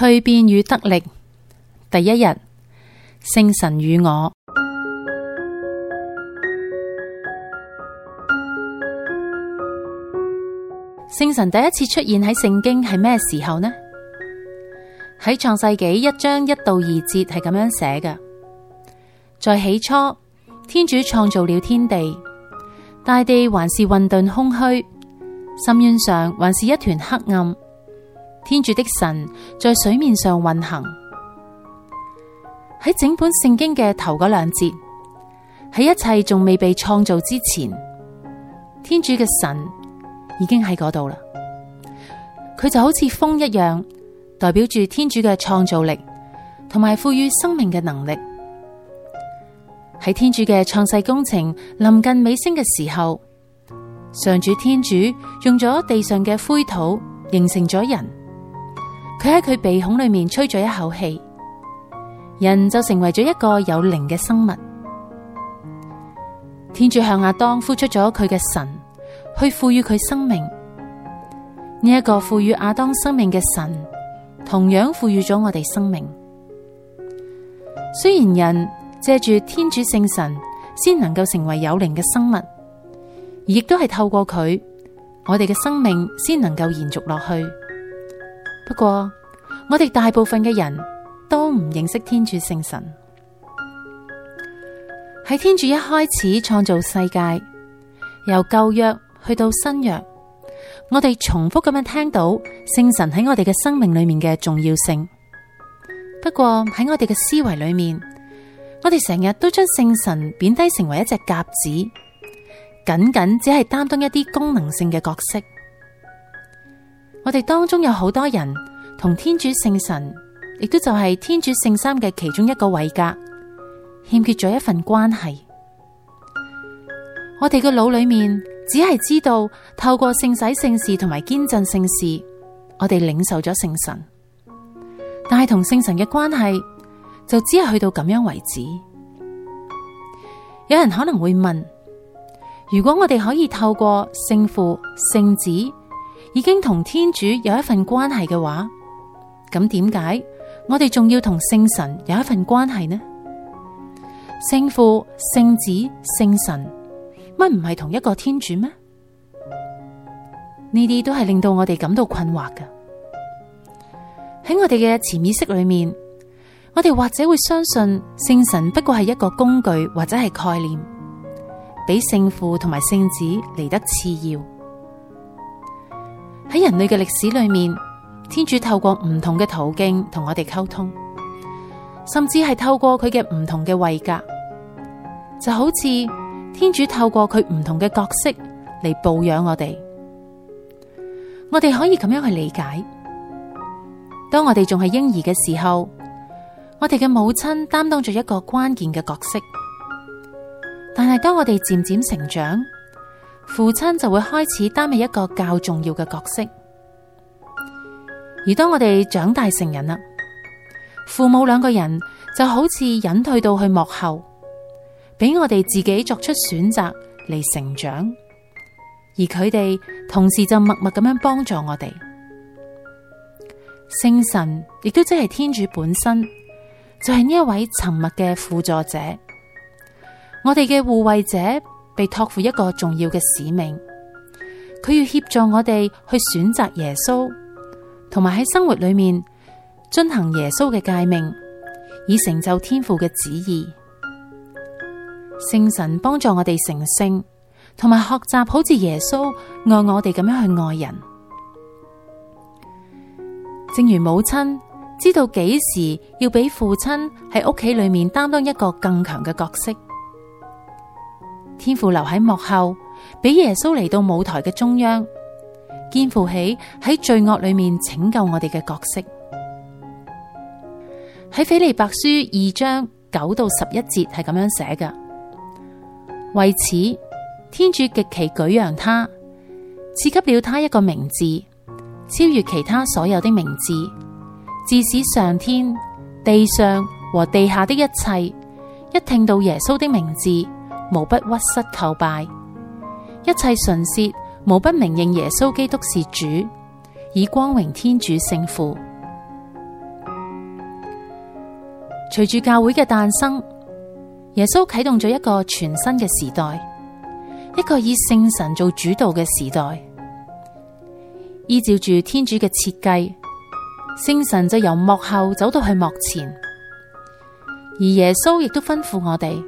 蛻變與得力，第一日，聖神與我。聖神第一次出現喺聖經係咩時候呢？喺創世紀一章一到二節係咁樣寫嘅。在起初，天主創造了天地，大地還是混沌空虛，深淵上還是一團黑暗。天主的神在水面上運行，喺整本聖經嘅頭嗰兩節，喺一切仲未被創造之前，天主嘅神已經喺嗰度啦。佢就好似風一樣，代表住天主嘅創造力同埋賦予生命嘅能力。喺天主嘅創世工程臨近尾聲嘅時候，上主天主用咗地上嘅灰土形成咗人。佢喺佢鼻孔裏面吹咗一口氣，人就成為咗一個有靈嘅生物。天主向亞當呼出咗佢嘅神，去賦予佢生命。呢一個賦予亞當生命嘅神，同樣賦予咗我哋生命。雖然人借住天主聖神先能夠成為有靈嘅生物，亦都係透過佢，我哋嘅生命先能夠延續落去。不過，我哋大部分嘅人都唔認識天主聖神。喺天主一開始創造世界，由舊約去到新約，我哋重複咁樣聽到聖神喺我哋嘅生命裏面嘅重要性。不過喺我哋嘅思維裏面，我哋成日都將聖神貶低成為一隻鴿子，僅僅只係擔當一啲功能性嘅角色。我哋當中有好多人同天主聖神，亦都就係天主聖三嘅其中一個位格，欠缺咗一份關係。我哋嘅腦裏面只係知道透過聖洗聖事同埋堅振聖事，我哋領受咗聖神，但係同聖神嘅關係就只係去到咁樣為止。有人可能會問：如果我哋可以透過聖父、聖子，已經同天主有一份關係嘅話，咁點解我哋仲要同聖神有一份關係呢？聖父、聖子、聖神，乜唔係同一個天主咩？呢啲都係令到我哋感到困惑嘅。喺我哋嘅潛意識裏面，我哋或者會相信聖神不過係一個工具或者係概念，比聖父同埋聖子嚟得次要。喺人類嘅歷史裏面，天主透過唔同嘅途徑同我哋溝通，甚至係透過佢嘅唔同嘅位格，就好似天主透過佢唔同嘅角色嚟哺育我哋。我哋可以咁樣去理解：當我哋仲係嬰兒嘅時候，我哋嘅母親擔當住一個關鍵嘅角色；但係當我哋漸漸成長。父親就會開始擔任一個較重要嘅角色，而當我哋長大成人啦，父母兩個人就好似隱退到去幕後，俾我哋自己作出選擇嚟成長，而佢哋同時就默默咁樣幫助我哋。聖神亦都即係天主本身，就係呢一位沉默嘅輔助者，我哋嘅護慰者，被託付一個重要嘅使命，佢要協助我哋去選擇耶穌，同埋喺生活裏面遵行耶穌嘅誡命，以成就天父嘅旨意。聖神幫助我哋成聖，同埋學習好似耶穌愛我哋咁樣去愛人。正如母親知道幾時要俾父親喺屋企裏面擔當一個更強嘅角色。天父留喺幕後，俾耶穌嚟到舞台嘅中央，肩負起喺罪惡裏面拯救我哋嘅角色。喺斐理伯書二章九到十一節係咁樣寫嘅：為此，天主極其舉揚他，賜給了他一個名字，超越其他所有的名字，致使上天、地上和地下的一切，一聽到耶穌的名字。無不屈膝叩拜，一切唇舌無不明認耶穌基督是主，以光榮天主聖父。隨住教會嘅誕生，耶穌啟動咗一個全新嘅時代，一個以聖神做主導嘅時代。依照住天主嘅設計，聖神就由幕後走到去幕前，而耶穌亦都吩咐我哋，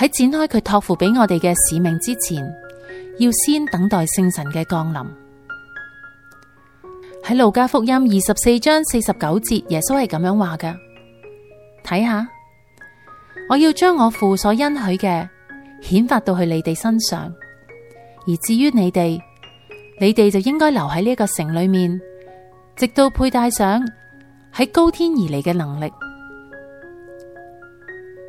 喺展開佢托付俾我哋嘅使命之前，要先等待聖神嘅降臨。喺路加福音二十四章四十九節，耶穌係咁樣話嘅。睇下，我要將我父所恩許嘅遣發到去你哋身上，而至於你哋，你哋就應該留喺呢一個城裏面，直到佩戴上喺高天而嚟嘅能力。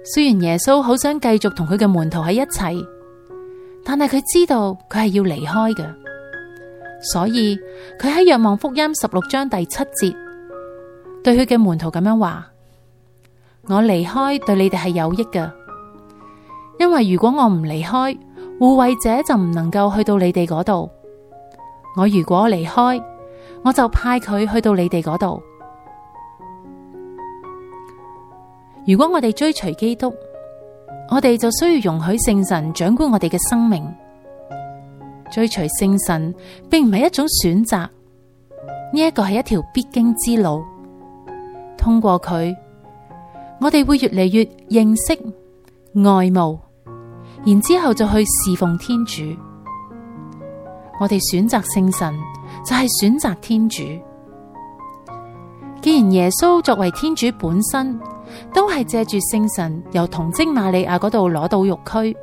雖然耶穌好想繼續同佢嘅門徒喺一齊，但係佢知道佢係要離開嘅，所以佢喺《若望福音》十六章第七節對佢嘅門徒咁樣話：我離開對你哋係有益嘅，因為如果我唔離開，護慰者就唔能夠去到你哋嗰度。我如果離開，我就派佢去到你哋嗰度。如果我哋追隨基督，我哋就需要容許聖神掌管我哋嘅生命。追隨聖神並唔係一種選擇，呢一個係一條必經之路。通過佢，我哋會越嚟越認識愛慕，然之後就去侍奉天主。我哋選擇聖神就係選擇天主。既然耶穌作為天主本身，都係借住聖神由童貞瑪利亞嗰度攞到肉軀，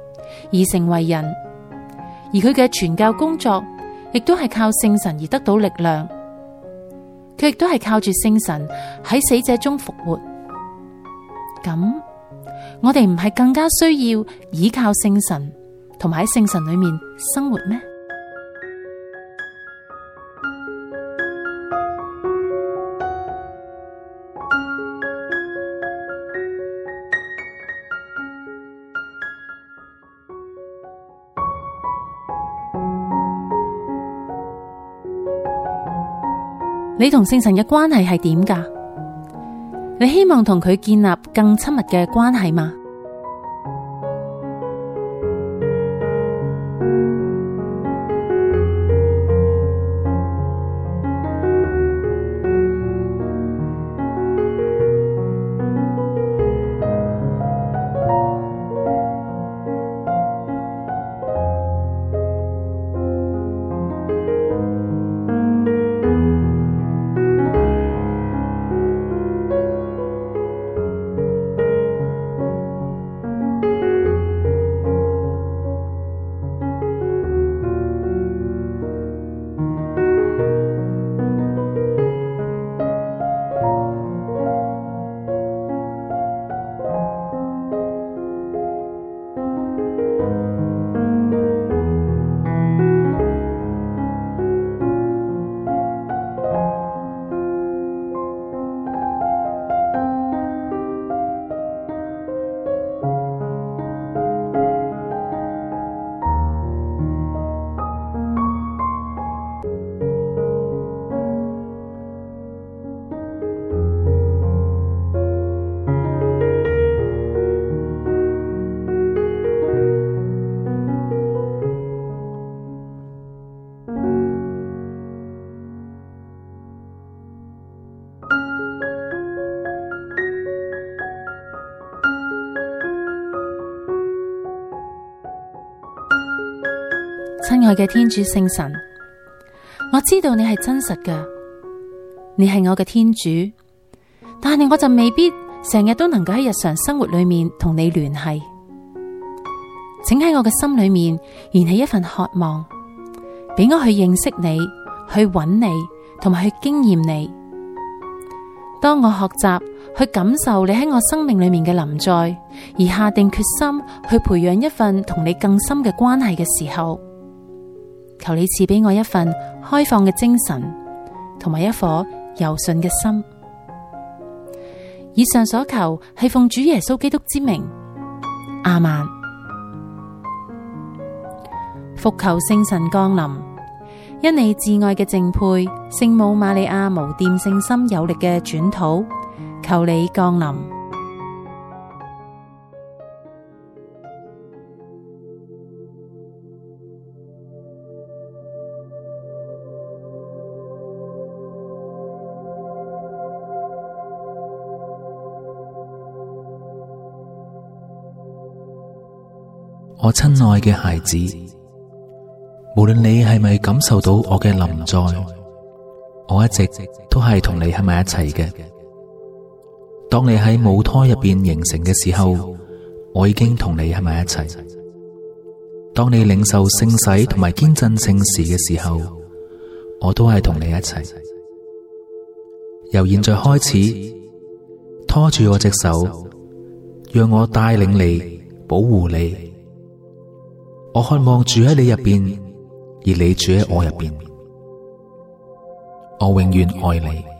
而成為人；而佢嘅傳教工作亦都係靠聖神而得到力量。佢亦都係靠住聖神喺死者中復活。咁，我哋唔係更加需要依靠聖神，同埋喺聖神裏面生活咩？你同聖神嘅關係係點㗎？你希望同佢建立更親密嘅關係嗎？親愛嘅天主聖神，我知道你係真實嘅，你係我嘅天主，但係我就未必成日都能夠喺日常生活裏面同你聯繫。請喺我嘅心裏面燃起一份渴望，俾我去認識你、去揾你同埋去經驗你。當我學習去感受你喺我生命裏面嘅臨在，而下定決心去培養一份同你更深嘅關係嘅時候。求你賜俾我一份開放嘅精神，同埋一顆柔順嘅心。以上所求係奉主耶穌基督之名，亞孟。伏求聖神降臨，因你至愛嘅淨配，聖母瑪利亞無玷聖心有力嘅轉禱，求你降臨。我親愛嘅孩子，無論你係咪感受到我嘅臨在，我一直都係同你喺埋一齊嘅。當你喺母胎入邊形成嘅時候，我已經同你喺埋一齊。當你領受聖洗同埋堅振聖事嘅時候，我都係同你一齊。由現在開始，拖住我隻手，讓我帶領你，保護你。我渴望住喺你入邊，而你住喺我入邊。我永遠愛你。